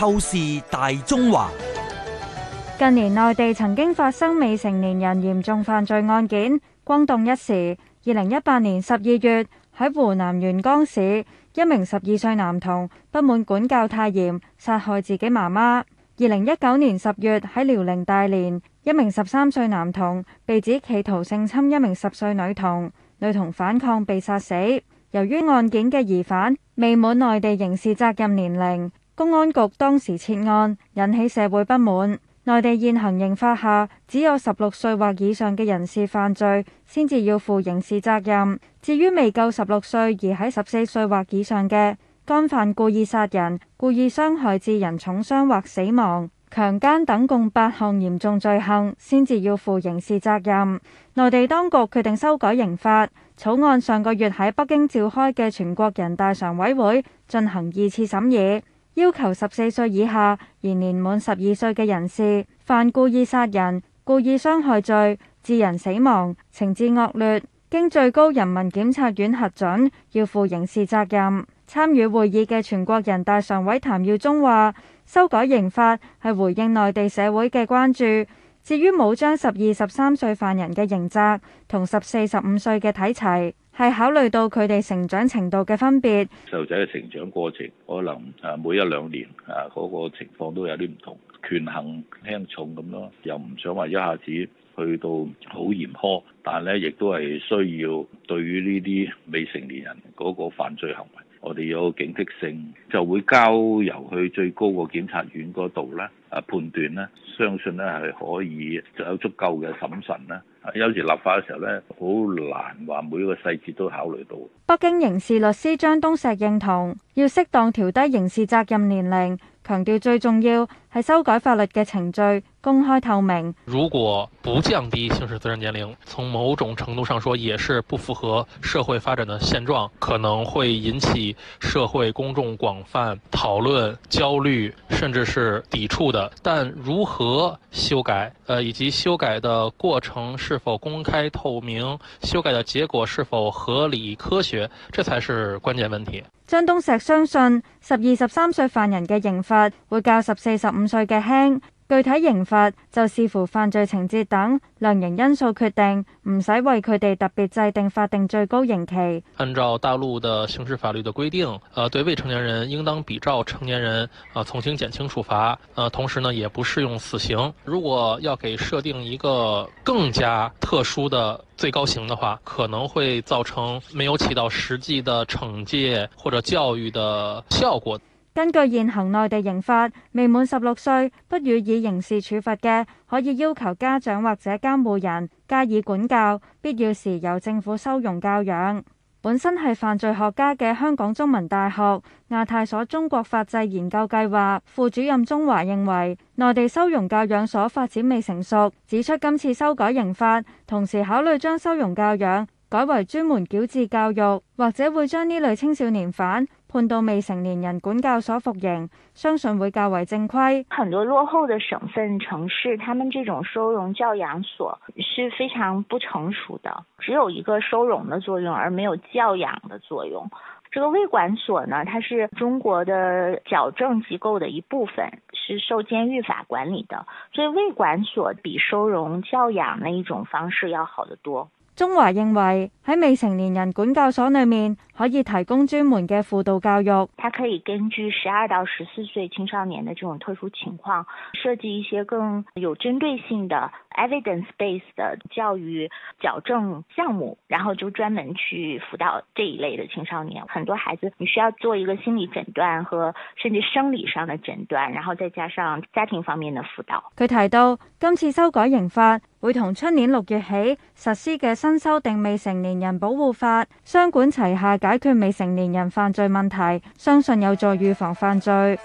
透視大中華。近年，內地曾經發生未成年人嚴重犯罪案件，轟動一時。二零一八年十二月喺湖南沅江市，一名十二歲男童不滿管教太嚴，殺害自己媽媽。二零一九年十月喺遼寧大連，一名十三歲男童被指企圖性侵一名十歲女童，女童反抗被殺死。由於案件嘅疑犯未滿內地刑事責任年齡。公安局當時撤案，引起社會不滿。內地現行刑法下，只有十六歲或以上嘅人士犯罪，先至要負刑事責任。至於未夠十六歲而喺十四歲或以上嘅，干犯故意殺人、故意傷害致人重傷或死亡、強姦等共八項嚴重罪行，先至要負刑事責任。內地當局決定修改刑法草案，上個月喺北京召開嘅全國人大常委會進行二次審議。要求十四歲以下而年滿十二歲嘅人士犯故意殺人、故意傷害罪致人死亡、情節惡劣，經最高人民檢察院核准，要負刑事責任。參與會議嘅全國人大常委譚耀宗話，修改刑法係回應內地社會嘅關注。至於冇將十二、十三歲犯人嘅刑責同十四、十五歲嘅睇齊。係考慮到佢哋成長程度嘅分別，細路仔嘅成長過程可能啊，每一兩年啊，嗰、那個情況都有啲唔同，權衡輕重咁咯。又唔想話一下子去到好嚴苛，但係咧，亦都係需要對於呢啲未成年人嗰個犯罪行為，我哋有警惕性，就會交由去最高個檢察院嗰度咧啊判斷咧，相信咧係可以就有足夠嘅審慎啦。有時立法嘅時候咧，好難話每個細節都考慮到。北京刑事律師張東石認同，要適當調低刑事責任年齡。強調最重要係修改法律嘅程序公開透明。如果不降低刑事責任年齡，從某種程度上說也是不符合社會發展的現狀，可能會引起社會公眾廣泛討論、焦慮，甚至是抵觸的。但如何修改，呃，以及修改的過程是否公開透明，修改的結果是否合理科學，這才是關鍵問題。張東石相信，十二、十三歲犯人嘅刑罰會較十四、十五歲嘅輕。具體刑罰就視乎犯罪情節等量刑因素決定，唔使為佢哋特別制定法定最高刑期。按照大陸的刑事法律的規定，呃，對未成年人應當比照成年人啊從輕減輕處罰，呃，同時呢也不適用死刑。如果要給設定一個更加特殊的最高刑的話，可能會造成沒有起到實際的懲戒或者教育的效果。根據現行內地刑法，未滿十六歲不予以刑事處罰嘅，可以要求家長或者監護人加以管教，必要時由政府收容教養。本身係犯罪學家嘅香港中文大學亞太所中國法制研究計劃副主任鍾華認為，內地收容教養所發展未成熟，指出今次修改刑法，同時考慮將收容教養改為專門矯治教育，或者會將呢類青少年犯判到未成年人管教所服刑，相信會較為正規。很多落後的省份城市，他們這種收容教養所是非常不成熟的，只有一個收容的作用，而沒有教養的作用。這個未管所呢，它是中國的矯正機構的一部分，是受監獄法管理的，所以未管所比收容教養那一種方式要好得多。中華認為，喺未成年人管教所裏面可以提供專門嘅輔導教育，他可以根據十二到十四歲青少年的這種特殊情況，設計一些更有針對性的。Evidence-based 的教育矯正項目，然後就專門去輔導這一類的青少年。很多孩子你需要做一個心理診斷和甚至生理上的診斷，然後再加上家庭方面的輔導。佢提到，今次修改刑法會同出年六月起實施嘅新修訂未成年人保護法，雙管齊下解決未成年人犯罪問題，相信有助預防犯罪。